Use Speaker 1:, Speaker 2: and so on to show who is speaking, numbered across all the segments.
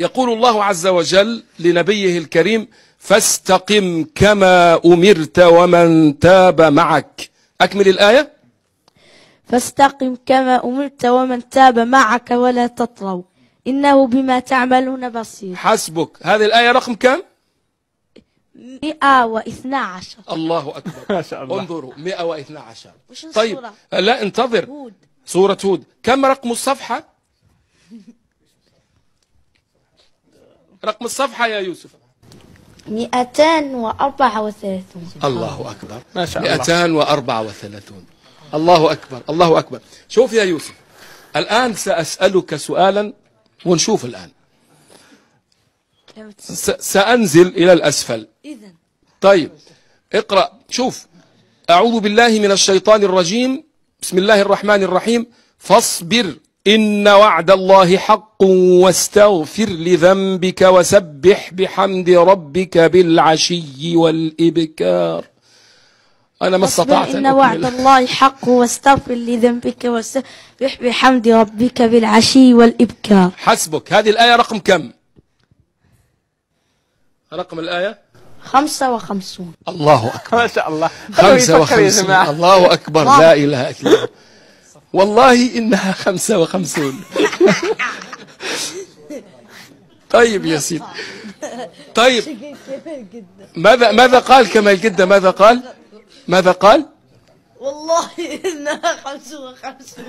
Speaker 1: يقول الله عز وجل لنبيه الكريم فاستقم كما أمرت ومن تاب معك أكمل الآية
Speaker 2: فاستقم كما أمرت ومن تاب معك ولا تطغوا إنه بما تعملون بصير
Speaker 1: حسبك هذه الآية رقم كم؟
Speaker 2: 112
Speaker 1: الله أكبر ما شاء الله انظروا 112 طيب لا انتظر هود. سورة هود كم رقم الصفحة؟ رقم الصفحة يا يوسف 234
Speaker 2: الله أكبر
Speaker 1: ما شاء الله 234 الله أكبر الله أكبر شوف يا يوسف الآن سأسألك سؤالا ونشوف الآن سأنزل إلى الأسفل إذا طيب اقرأ شوف أعوذ بالله من الشيطان الرجيم بسم الله الرحمن الرحيم فاصبر إن وعد الله حق واستغفر لذنبك وسبح بحمد ربك بالعشي والإبكار أنا ما استطعت إن وعد الله
Speaker 2: حق واستغفر لذنبك وسبح بحمد ربك بالعشي والإبكار
Speaker 1: حسبك هذه الآية رقم كم رقم الآية خمسة وخمسون الله أكبر ما شاء الله خمسة وخمسون الله أكبر لا إله إلا الله والله إنها خمسة وخمسون طيب يا سيدي طيب ماذا ماذا قال كمال جدة ماذا قال ماذا قال
Speaker 2: والله إنها خمسة وخمسون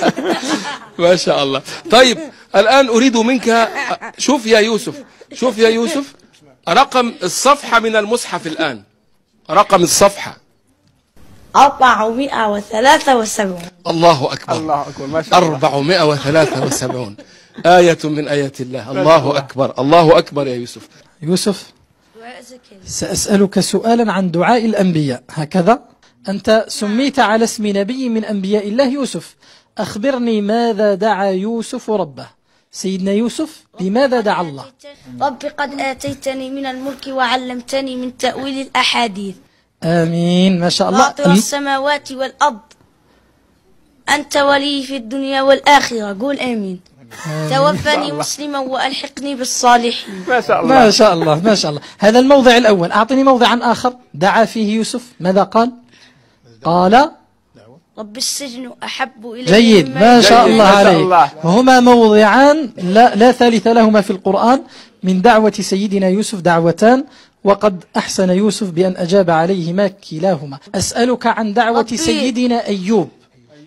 Speaker 1: ما شاء الله طيب الآن أريد منك شوف يا يوسف شوف يا يوسف رقم الصفحة من المصحف الآن رقم الصفحة
Speaker 2: 473
Speaker 1: الله أكبر الله أكبر ما شاء الله 473 آية من آيات الله الله أكبر الله أكبر يا يوسف
Speaker 3: يوسف سأسألك سؤالا عن دعاء الأنبياء هكذا أنت سميت على اسم نبي من أنبياء الله يوسف أخبرني ماذا دعا يوسف ربه سيدنا يوسف بماذا دعا الله
Speaker 2: رب قد آتيتني من الملك وعلمتني من تأويل الأحاديث
Speaker 3: آمين ما شاء الله فاطر
Speaker 2: السماوات والأرض أنت ولي في الدنيا والآخرة قول آمين توفني مسلما والحقني بالصالحين ما شاء الله ما شاء
Speaker 3: الله ما شاء الله هذا الموضع الاول اعطني موضعا اخر دعا فيه يوسف ماذا قال قال
Speaker 2: رب السجن احب الي جيد ما شاء الله عليك
Speaker 3: هما موضعان لا لا ثالث لهما في القران من دعوه سيدنا يوسف دعوتان وقد أحسن يوسف بأن أجاب عليهما كلاهما أسألك عن دعوة سيدنا أيوب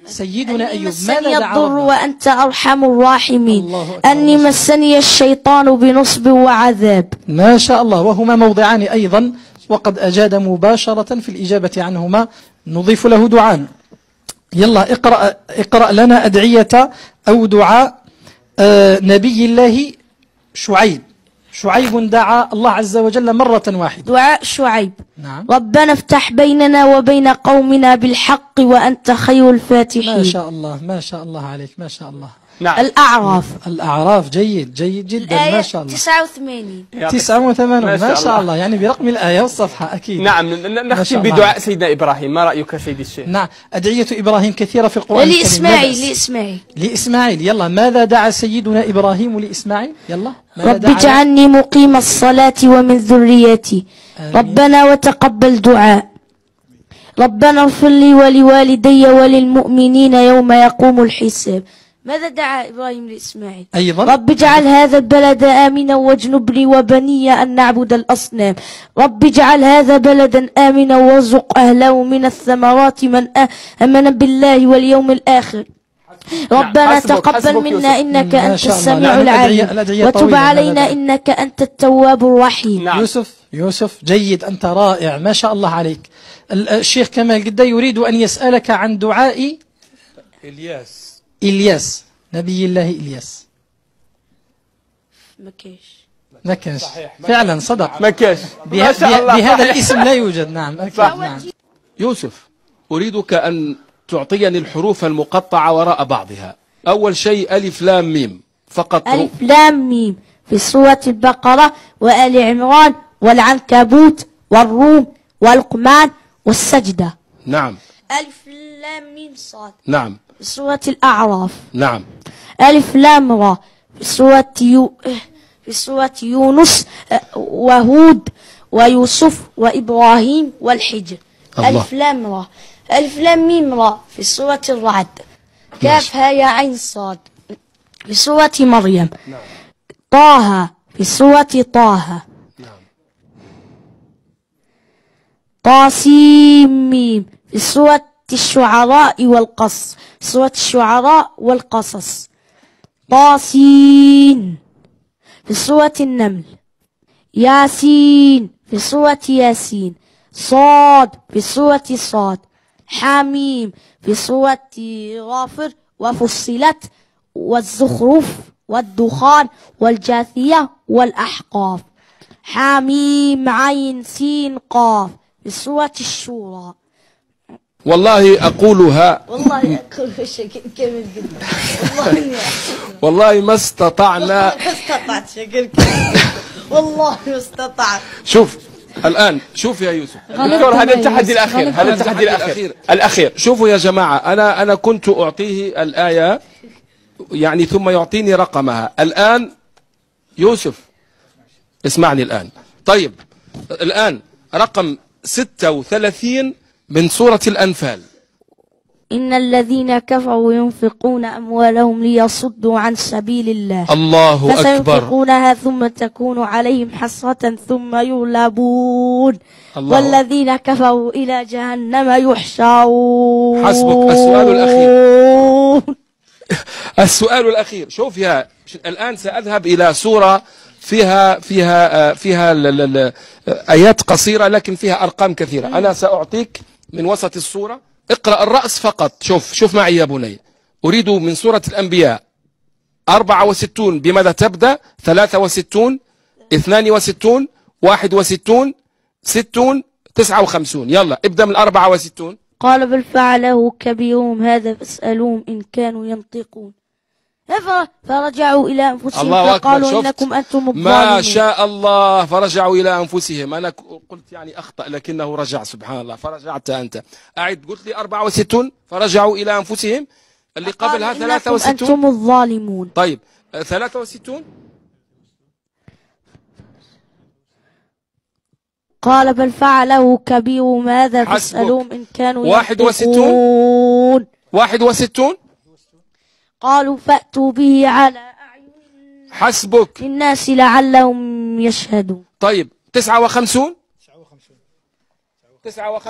Speaker 3: سيدنا أيوب ماذا الضر
Speaker 2: وأنت أرحم الراحمين أني مسني الشيطان بنصب وعذاب ما شاء الله وهما موضعان أيضا
Speaker 3: وقد أجاد مباشرة في الإجابة عنهما نضيف له دعاء يلا اقرأ, اقرأ لنا أدعية أو دعاء آه، نبي
Speaker 2: الله شعيب شعيب دعا الله عز وجل مرة واحدة دعاء شعيب نعم ربنا افتح بيننا وبين قومنا بالحق وأنت خير الفاتحين ما شاء
Speaker 3: الله ما شاء الله عليك ما شاء الله نعم الأعراف
Speaker 2: الأعراف
Speaker 3: جيد جيد جدا ما شاء الله
Speaker 2: 89
Speaker 3: 89 ما شاء, الله. الله يعني برقم الآية والصفحة أكيد نعم نختم بدعاء سيدنا إبراهيم ما رأيك سيدي الشيخ نعم أدعية إبراهيم كثيرة في القرآن الكريم لإسماعيل لإسماعيل لإسماعيل يلا ماذا دعا سيدنا إبراهيم لإسماعيل يلا رب اجعلني
Speaker 2: مقيم الصلاة ومن ذريتي ربنا وتقبل دعاء ربنا اغفر لي ولوالدي وللمؤمنين يوم يقوم الحساب ماذا دعا إبراهيم لإسماعيل أيضا رب اجعل هذا البلد آمنا واجنبني وبني أن نعبد الأصنام رب اجعل هذا بلدا آمنا وارزق أهله من الثمرات من آمن بالله واليوم الآخر ربنا حسبك تقبل حسبك منا انك انت السميع العليم وتب علينا انك انت التواب الرحيم نعم. يوسف يوسف جيد
Speaker 3: انت رائع ما شاء الله عليك الشيخ كمال قد يريد ان يسالك عن دعاء
Speaker 2: الياس
Speaker 3: إلياس نبي الله إلياس
Speaker 2: ما كاش
Speaker 3: ما كاش فعلا صدق ما كاش بهذا
Speaker 2: الاسم لا يوجد نعم نعم
Speaker 1: يوسف أريدك أن تعطيني الحروف المقطعة وراء بعضها أول شيء ألف لام ميم فقط ألف
Speaker 2: لام ميم في سورة البقرة وآل عمران والعنكبوت والروم والقمان والسجدة
Speaker 1: نعم ألف
Speaker 2: لام ميم صاد نعم سورة الأعراف نعم ألف لام را في سورة يو في سورة يونس آه، وهود ويوسف وإبراهيم والحجر ألف لام را ألف لام ميم را في سورة الرعد كاف ها يا عين صاد في سورة مريم نعم. طه في سورة طه نعم. طاسيم في سورة الشعراء والقص سورة الشعراء والقصص طاسين في سورة النمل ياسين في سورة ياسين صاد في سورة صاد حميم في سورة غافر وفصلت والزخرف والدخان والجاثية والأحقاف حميم عين سين قاف في سورة الشورى
Speaker 1: والله أقولها والله
Speaker 2: أقول شكل كامل جدا
Speaker 1: والله والله ما استطعنا والله
Speaker 2: ما استطعت شكل كامل والله ما استطعت
Speaker 1: شوف الآن شوف يا يوسف دكتور هذا التحدي الأخير هذا التحدي الأخير الأخير شوفوا يا جماعة أنا أنا كنت أعطيه الآية يعني ثم يعطيني رقمها الآن يوسف اسمعني الآن طيب الآن رقم 36 من سورة الأنفال
Speaker 2: إن الذين كفروا ينفقون أموالهم ليصدوا عن سبيل الله
Speaker 1: الله أكبر فسينفقونها
Speaker 2: ثم تكون عليهم حسرة ثم يغلبون الله والذين كفروا إلى جهنم يحشرون حسبك السؤال الأخير
Speaker 1: السؤال الأخير شوف يا الآن سأذهب إلى سورة فيها فيها آه، فيها آيات قصيرة لكن فيها أرقام كثيرة أنا سأعطيك من وسط الصورة اقرأ الرأس فقط شوف شوف معي يا بني أريد من سورة الأنبياء 64 بماذا تبدأ 63 62 61 60 59 يلا ابدأ من 64
Speaker 2: قال بل فعله كبيرهم هذا فاسألوهم إن كانوا ينطقون فرجعوا إلى أنفسهم الله فقالوا أكبر إنكم أنتم الظالمون ما
Speaker 1: شاء الله فرجعوا إلى أنفسهم أنا قلت يعني أخطأ لكنه رجع سبحان الله فرجعت أنت أعد قلت لي 64 فرجعوا إلى أنفسهم اللي قبلها 63 أنتم
Speaker 2: الظالمون طيب
Speaker 1: 63 آه،
Speaker 2: قال بل فعله كبير ماذا تسالون إن كانوا 61 61 قالوا فأتوا به على أعين حسبك الناس لعلهم يشهدون طيب 59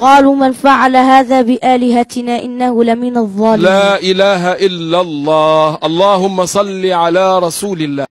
Speaker 2: قالوا من فعل هذا بآلهتنا إنه لمن الظالمين
Speaker 1: لا إله إلا الله اللهم صل على رسول الله